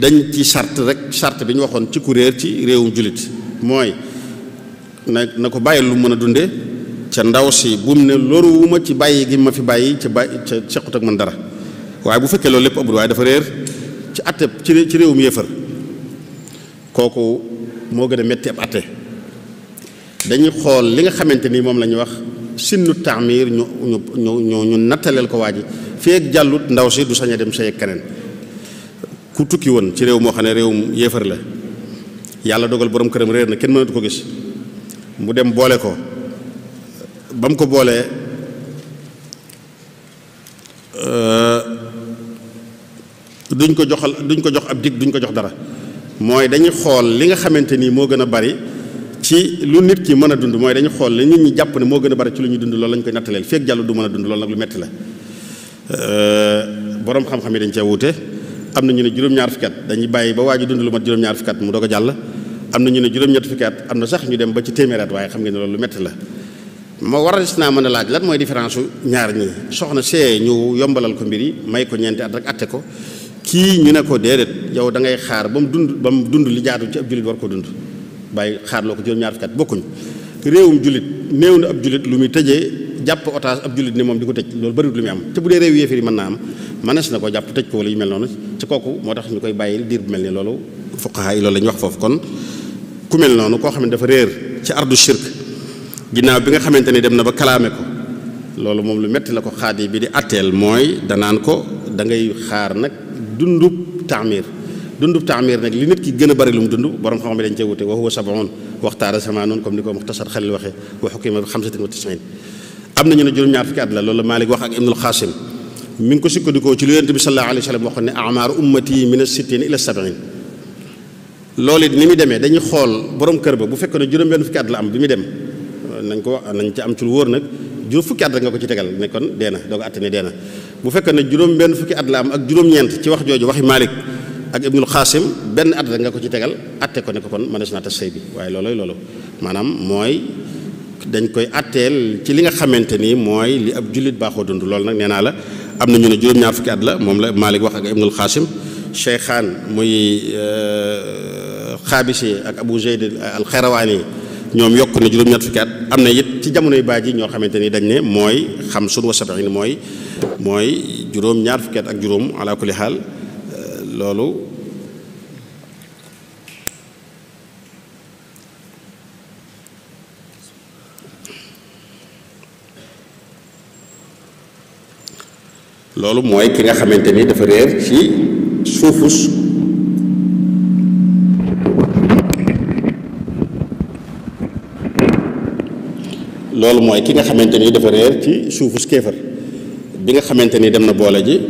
A: dañ ci charte rek sart bi ñu waxoon ci kuréer ci réewum jullit mooy na na ko bàyyi lu mën a dunde ca ndaw si bu mu ne loruwuma ci bàyyi gi ma fi bàyyi ca bàyyi ca ak man dara waaye bu fekkee loolu lépp ëpp waaye dafa réer ci atte ci ci réewum yéefar kooku moo gën a metti ab atte dañuy xool li nga xamante ni moom la ñuy wax sinnu taamir ñu ñu ñu ñu nattaleel ko waa ji feek jàllut ndaw si du sañ a dem say ak keneen ku tukki woon ci réew moo xam ne réewum yéefar la yàlla dogal boroom këram réer na kenn du ko gis mu dem boole ko ba mu ko boolee euh, duñ ko joxal duñ ko jox ab dig duñ ko jox dara mooy dañuy xool li nga xamante ni moo gën a bari ci lu nit ki mën a dund mooy dañu xool li nit ñi jàpp ne moo gën a bari ci lu ñu dund loolu lañ koy nattaleel feek jàll du mën a dund loolu nag lu metti la euh, boroom xam-xam yi dañ cee wuute am na ñu ne juróom-ñaar fukki at dañuy bàyyi ba waa ji dund lu mat juróom-ñaar fukki at mu doog a jàll am na ñu ne juróom-ñett fukki at am na sax ñu dem ba ci téeméer at waaye xam ngeen ne loolu lu métti la ma war a si naa mën a laaj lan mooy différence ñaar ñi soxna see ñu yombalal ko mbir yi may ko ñeenti at rek atte ko kii ñu ne ko déedéet yow da ngay xaar ba mu dund ba mu dund li jaadu ci ab jullit war ko dund bàyyi xaar loo ko juróom-ñaar fukki at bokkuñ réewum jullit néew na ab jullit lu muy tëjee jàpp otage ab jullit ne moom di ko tëj loolu bëriwul lu muy am te bu dee réew yéefar yi mën naa am mënees na ko jàpp tëj ko wala yu mel noonu ci kooku moo tax ñu koy bàyyil diir bu mel ni loolu fuqaha yi loolu la ñu wax foofu kon ku mel noonu koo xam ne dafa réer ci ardu shirk ginnaaw bi nga xamante ni dem na ba kalaame ko loolu moom lu metti la ko xaadi bi di atteel mooy danaan ko da ngay xaar nag dundub taamir dundub taamir nag li nit ki gën a bari lu mu dund borom xam-xam dañ cee wute wa huwa sab'un waxtaara samaanoon comme ni ko muxtasar xalil waxee wa xukima bi xamsatin wa tis'in am nañu ne juróom la loolu wax ak Ibnul mi ngi ko sukkandikoo ci lu yonent bi sallallahu alayhi wa sallam waxoon ne amaaru ummati min as-sittina ila as-sab'in loolu it ni muy demee dañuy xool borom kër ba bu fekk ne juróom-benn la am bi muy dem nañ ko nañ ci am ci lu wóor nag juróom fukki at nga ko ci tegal ne kon dee na doo ko atte ne bu fekk ne juróom-benn fukki at la am ak juróom-ñeent ci wax jooju waxi Malik ak Ibnul Xaasim benn at rek nga ko ci tegal atte ko ne ko kon mënees naa tas sëy bi waaye looloy looloo maanaam mooy dañ koy atteel ci li nga xamante ni mooy li ab jullit baaxoo dund loolu nag nee naa la am na ñu ne juróom-ñaar fukki at la moom la Malik wax ak Ibnul Xaasim Cheikhaan muy euh, Xaabisi ak Abu Zayd al-Xayrawaani ñoom yokk na juróom-ñaar fukki am na it ci jamonoy yi ñoo xamante ni dañ ne mooy xamsun wa sab'iin mooy mooy juróom-ñaar fukki ak juróom ala kulli xaal euh, loolu. loolu mooy ki nga xamante ni dafa réer ci suufus loolu mooy ki nga xamante ni dafa réer ci suufus kéefar bi nga xamante ni dem na boole ji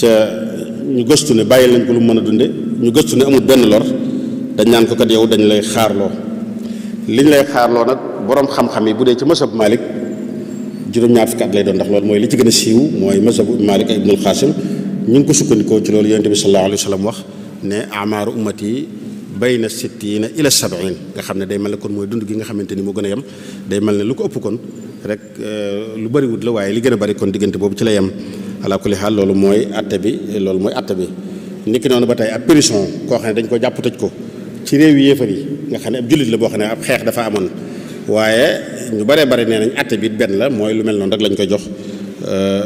A: ca ñu gëstu ne bàyyi lañ ko lu mën a dunde ñu gëstu ne amul benn lor dañ naan ko kat yow dañ lay xaarloo liñ lay xaarloo nag boroom xam-xam yi bu dee ci mësab Malik juróom-ñaar fukki at lay doon ndax loolu mooy li ci gën a siiw mooy mazhabu Imam Malik Ibnul Qasim ñu ngi ko sukkandikoo ci loolu yonent bi sallallahu alayhi wa sallam wax yi bayna sittina ila xam ne day mel ne kon mooy dund gi a yem day ne lu ko ëpp kon rek euh, lu bari la waaye li gën a bari kon diggante boobu ci la yem ala kulli loolu mooy atte bi loolu mooy atte bi niki noonu ba tey ab prison koo xam ne dañ ko jàpp tëj ko ci réew yi yéefar yi nga xam ne ab jullit la boo xam ne ab xeex dafa amoon waaye ñu baree bari nee nañ atte bi benn la mooy lu mel noonu rek lañ koy jox euh,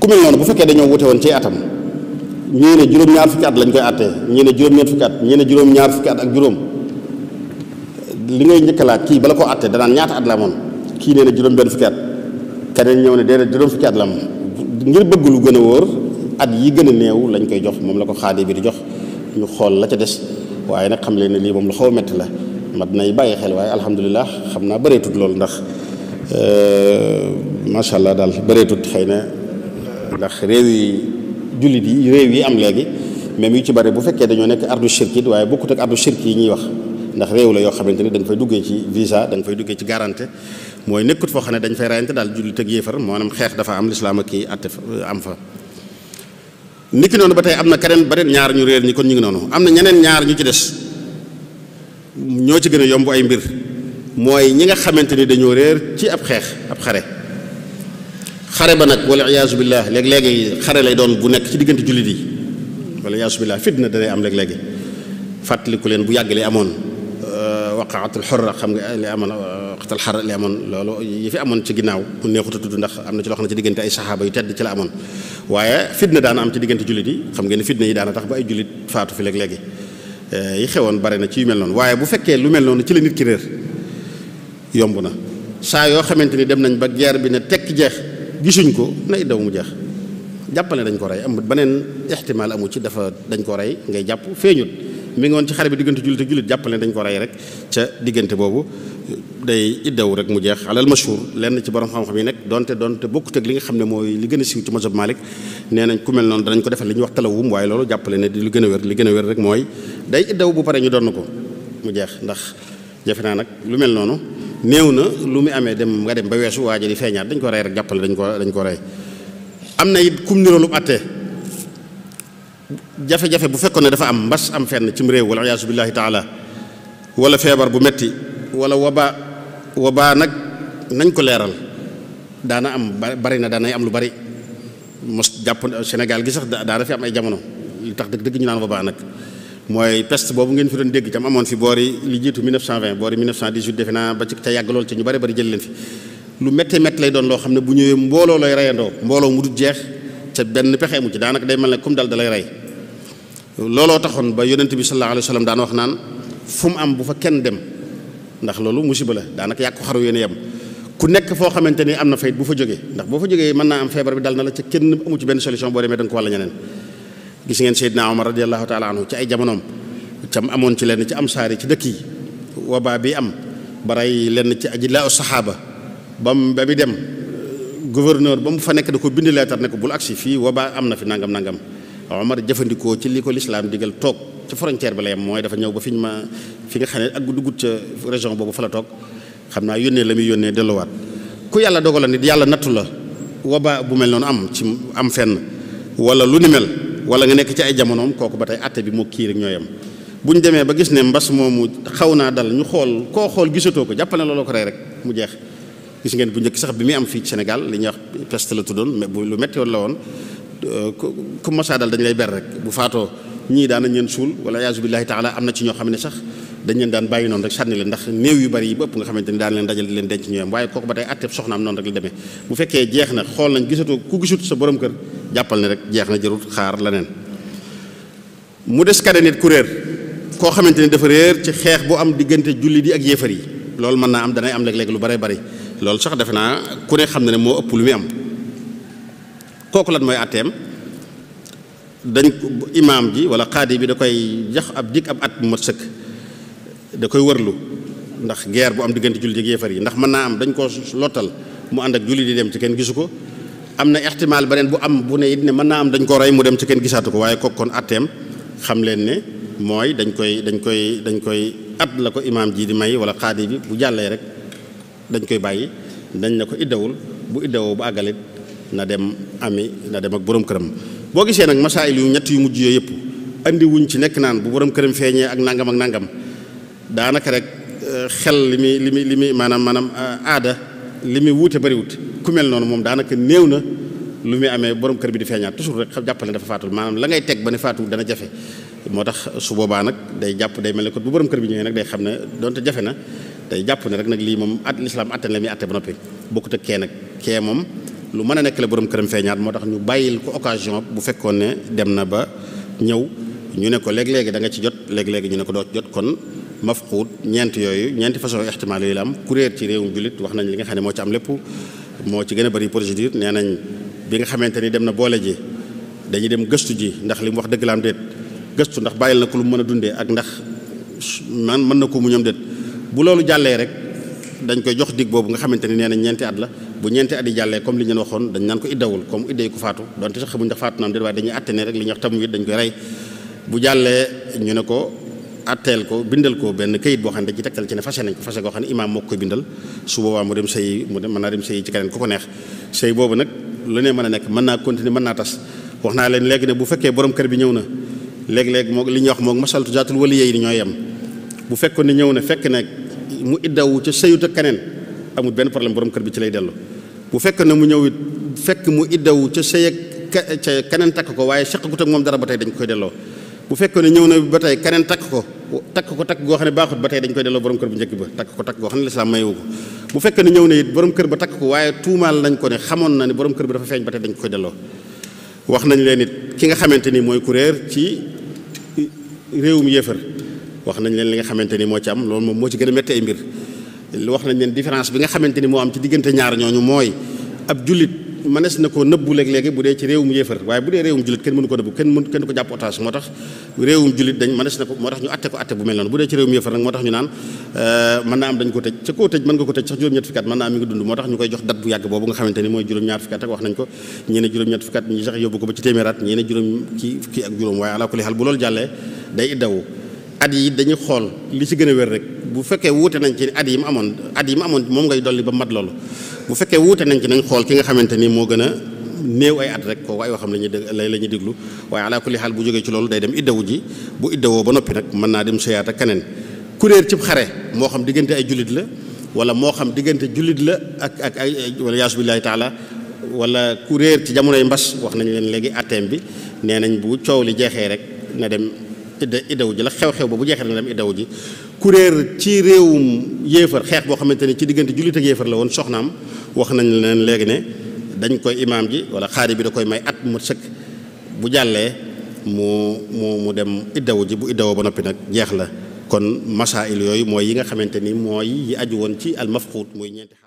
A: ku mel noonu bu fekkee dañoo wute woon ci atam ñii ne juróom-ñaar fukki at lañ koy attee ñii ne juróom-ñett fukki ñaar fukki at ak juróom li ngay njëkk a laaj kii bala koo attee danaan ñaata at la amoon kii nee na juróom-benn fukki at keneen ñëw ne déedéet juróom fukki at la ngir bëgg lu gën a wóor at yi gën a néew lañ koy jox moom la ko xaadi bi di jox ñu xool la ca des waaye nag xam leen ne lii moom lu xaw a métti la mat nay bàyyi xel waaye alhamdulilah xam naa bëreetut loolu ndax euh, macha allah daal bëreetut xëy na ndax réew yi jullit yi réew yi am léegi même yu ci bare bu fekkee dañoo nekk ardu shirkit waaye bokkut ak ardu shirk yi ñuy wax ndax réew la yoo xamante ni dañ fay duggee ci visa dañ fay duggee ci garante mooy nekkut foo xam ne dañ fay rayante daal jullit ak yéefar maanaam xeex dafa am lislaam ak kii atte am fa niki noonu ba tey am na keneen beneen ñaar ñu réer ñi kon ñu ngi noonu am na ñeneen ñaar ñu ci des ñoo ci gën a yomb ay mbir mooy ñi nga xamante ni dañoo réer ci ab xeex ab xare xare ba nag wala iyaasu billah léeg-léegi xare lay doon bu nekk ci diggante jullit yi wala iyaasu billah na danay am léeg-léegi fàttaliku leen bu yàgg li amoon euh, waqaatul xorra xam nga li amoon euh, waqatul xar li amoon loolu yi fi amoon ci ginnaaw mu neexut a tudd am na ci loo xam ne ci diggante ay ci la amoon waaye fitna daan am ci diggante jullit yi xam ngeen ne fitna yi daana tax ba ay jullit faatu fi léeg-léegi eh, yi xewoon bare na ci mel noonu waaye bu fekkee lu mel ci la nit ki réer yomb na saa yoo xamante ni dem nañ ba guerre bi ne tekk jeex gisuñ ko nay daw mu jeex jàppale dañ ko rey am beneen ixtimaal amu ci dafa dañ ko rey ngay jàpp feeñut mi ngi woon ci xare bi diggante jullit ak jullit jàppale dañ ko rey rek ca diggante boobu day iddaw rek mu jeex alal mashhur lenn ci borom xam-xam yi nag donte donte bokkut ak li nga xam ne mooy li gën a siiw ci mazhab Malik nee nañ ku mel noonu danañ ko defal li ñuy wax talawum waaye loolu jàppale ne lu gën a wér li gën a wér rek mooy day iddaw bu pare ñu doon ko mu jeex ndax jafe naa nag lu mel noonu néew na lu muy amee dem nga dem ba weesu waaja di feeñaat dañ ko rey rek jàppale dañ ko dañ ko rey am na it kum niroolu attee jafe-jafe bu fekkoon ne dafa am mbas am fen cim réew wala iyaasu billaahi taala wala feebar bu metti wala waba waba nag nañ ko leeral daana am bari na daanay am lu bari mos jàpp Sénégal gi sax daana fi am ay jamono li tax dëgg-dëgg ñu naan waba nag mooy peste boobu ngeen fi doon dégg tam amoon fi boori li jiitu 1920 boori 1918 defe ca yàgg lool ci ñu bari bari jël leen fi lu méttee métti lay doon loo xam ne bu ñëwee mbooloo lay reyandoo mbooloo mu du jeex ca benn pexe mu ci daanaka day mal ne comme dal da lay rey looloo taxoon ba yonent bi sallallahu alayhi wa sallam daan wax naan fu mu am bu fa kenn dem ndax loolu musiba la daanaka yàq xaru yéen yam ku nekk foo xamante ni am na fayit bu fa jógee ndax boo fa jógee mën naa am feebar bi dal na la ca kenn amu ci benn solution boo demee gis ngeen Seydina Omar radiallahu taala anhu ci ay jamonoom cam amoon ci lenn ci am saari ci dëkk yi wabaa bi am baray lenn ci aji laa saxaaba bam ba mu dem gouverneur ba mu fa nekk da ko bind leetar ne ko bul agsi fii wabaa am na fi nangam nangam Omar jëfandikoo ci li ko lislaam digal toog ci frontière bi la yem mooy dafa ñëw ba fi ñu ma fi nga xam ne ak dugut ca région boobu fa la toog xam naa yónnee la muy yónnee delluwaat ku yàlla dogaloon nit yàlla nattu la waba bu mel noonu am ci am fenn wala lu ni mel wala nga nekk ci ay jamonoom kooku ba tey atte bi mu kii rek ñoo yem bu ñu demee ba gis ne mbas moomu xaw naa dal ñu xool koo xool gisatoo ko jàppale loolu ko rey rek mu jeex gis ngeen bu njëkk sax bi muy am fii Sénégal li ñax wax peste la tuddoon mais bu lu métti la woon ku mosaa dal dañ lay ber rek bu faatoo ñii daana leen suul wala yaasu billahi taala am na ci ñoo xam ne sax dañ leen daan bàyyi noonu rek sànni leen ndax néew yu bari yi bëpp nga xamante ni daan leen dajal di leen denc ñoom waaye kooku ba tey àtteeb soxnaam noonu rek jeex na xool nañ gisatoo ku gisut sa borom jàppal ne rek jeex na jarut xaar leneen des kade nit ku koo xamante ni dafa réer ci xeex bu am diggante julli di ak yéefar yi loolu mën naa am danay am léeg-léeg lu bare bari loolu sax defe naa ku ne xam na ne moo ëpp lu muy am kooku lan mooy atteem dañ imaam ji wala xaadi bi da koy jax ab dig ab at mu mat sëkk da koy wërlu ndax geer bu am diggante jullit ak yéefar yi ndax mën naa am dañ koo lottal mu ànd ak jullit yi dem ci kenn gisu ko am na ixtimaal beneen bu am bu ne it ne mën naa am dañ koo rey mu dem ci kenn gisaatu ko waaye kooku kon atteem xam leen ne mooy dañ koy dañ koy dañ koy at la ko imaam ji di may wala xaadi bi bu jàllee rek dañ koy bàyyi dañ na ko iddawul bu iddawoo bu na dem ami na dem ak borom këram boo gisee nag masaayil yu ñett yu mujj yooyu yëpp andi ci nekk naan bu borom këram feeñee ak nangam ak nangam daanaka rek eh, xel li muy li muy li muy maanaam maanaam eh, aada li muy wuute bariwut ku mel noonu moom daanaka néew na lu muy amee borom kër bi di feeñaat toujours rek xam jàppal ne la ngay teg ba ne jafe moo tax su boobaa nag day jàpp day mel ne ko bu borom kër bi ñëwee nag day xam ne donte jafe na day jàpp ne rek nag lii moom at lislaam atte la muy atte ba noppi bokkut kee nag kee moom lu mën a nekk la boroom këram feeñaat moo tax ñu bàyyil ko occasion bu fekkoon ne dem na ba ñëw ñu ne ko léeg-léegi da nga ci jot léeg-léegi ñu ne ko doot jot kon mafquud ñeent yooyu ñeenti façon ixtimaal yooyu la am kuréel ci réewum jullit wax nañ li nga xam ne moo ci am lépp moo ci gën a bëri procédure nee nañ bi nga xamante ni dem na boole ji dañuy dem gëstu ji ndax li mu wax dëgg la am gëstu ndax bàyyil na ko lu mu mën a dundee ak ndax man mën na ko mu ñoom déet bu loolu jàllee rek dañ koy jox dig boobu nga xamante ni nee nañ ñeenti at la bu ñeenti at yi jàllee comme li ñu waxoon dañ naan ko iddawul comme idday ku faatu donte sax xamuñ ndax faatu naam déet waaye dañuy atte ne rek li ñu wax tam wit dañ koy rey bu jàllee ñu ne ko atteel ko bindal ko benn kayit boo xam ne dañ ci tegtal ci ne fase nañ ko fase koo xam ne imaam moo koy bindal su boobaa mu dem sëy mu dem mën naa dem sëy ci keneen ku ko neex sëy boobu nag lu ne mën a nekk mën naa continuer mën naa tas wax naa leen léegi ne bu fekkee borom kër bi ñëw na léeg-léeg moo li ñuy wax moom masaltu zaatul wali yi ñooy yem bu fekkoon ne ñëw na fekk ne mu iddawu ca sëyut ak keneen amul benn problème borom kër bi ci lay dellu bu fekk na mu ñëw it fekk mu iddawu ca sëyeg ca keneen takk ko waaye seqagut ak moom dara ba tey dañ koy delloo bu fekk ne ñëw na ba tey keneen takk ko takk ko takk goo xam ne baaxut ba tey dañ koy delloo borom kër bu njëkk ba takk ko takk goo xam ne ne ñëw na it borom kër ba takk ko waaye tuumaal nañ ko ne xamoon na ne borom kër bi dafa feeñ ba tey dañ koy delloo wax nañ leen it ki nga xamante ni mooy kuréer ci réewum yéefar wax nañ leen li nga xamante ni moo ci am loolu moom moo ci gën a métti mbir wax nañ leen différence bi nga xamante ni moo am ci diggante ñaar ñooñu mooy ab jullit mënees na ko nëbbu léeg-léegi bu dee ci réewum yéefar waaye bu dee réewum jullit kenn mënu ko nëbbu kenn mënu kenn ko jàpp otage moo tax réewum jullit dañ mënees na ko moo tax ñu atte ko atte bu mel noonu bu dee ci réewum yéefar nag moo tax ñu naan euh, mën naa am dañ ko tëj ca koo tëj mën nga ko tëj sax juróom-ñett fukki at mën naa am mi ngi dund moo tax ñu koy jox dat bu yàgg boobu nga xamante ni mooy juróom-ñaar fukki at ak wax nañ ko ñii ne juróom-ñett fukki at ñu sax yóbbu ko ba ci téeméeraat ñii ne juróom kii kii ak juróom waaye alaa kulli xaal bu loolu jàllee day iddawu at yi dañuy xool li ci gën a wér rek bu fekkee wuute nañ ci at yi mu amoon at yi mu amoon moom ngay dolli ba mat loolu bu fekkee wuute nañ ci nañ xool ki nga xamante ni moo gën a néew ay at rek kooku ay waxam la ñuy dégg la ñuy déglu waaye ala kulli xaal bu jógee ci loolu day dem iddawu ji bu iddawoo ba noppi nag mën naa dem seyaat ak keneen ku réer cib xare moo xam diggante ay jullit la wala moo xam diggante jullit la ak ak ay wala yaasu billaahi taala wala ku ci jamonoy mbas wax nañu leen léegi atteem bi nee nañ bu coow li jeexee rek na dem idda iddawu ji ba bu jeexee na dem iddawu ji kuréer ci réewum yéefar xeex boo xamante ni ci diggante jullit ak yéefar la woon soxnaam wax nañ leen léegi ne dañ koy imaam ji wala xaari bi da koy may at mu sëkk bu jàllee mu mu mu dem iddaw ji bu iddawoo ba noppi nag jeex la kon masaa'il yooyu mooy yi nga xamante ni mooy yi aju woon ci almafquud muy ñeenti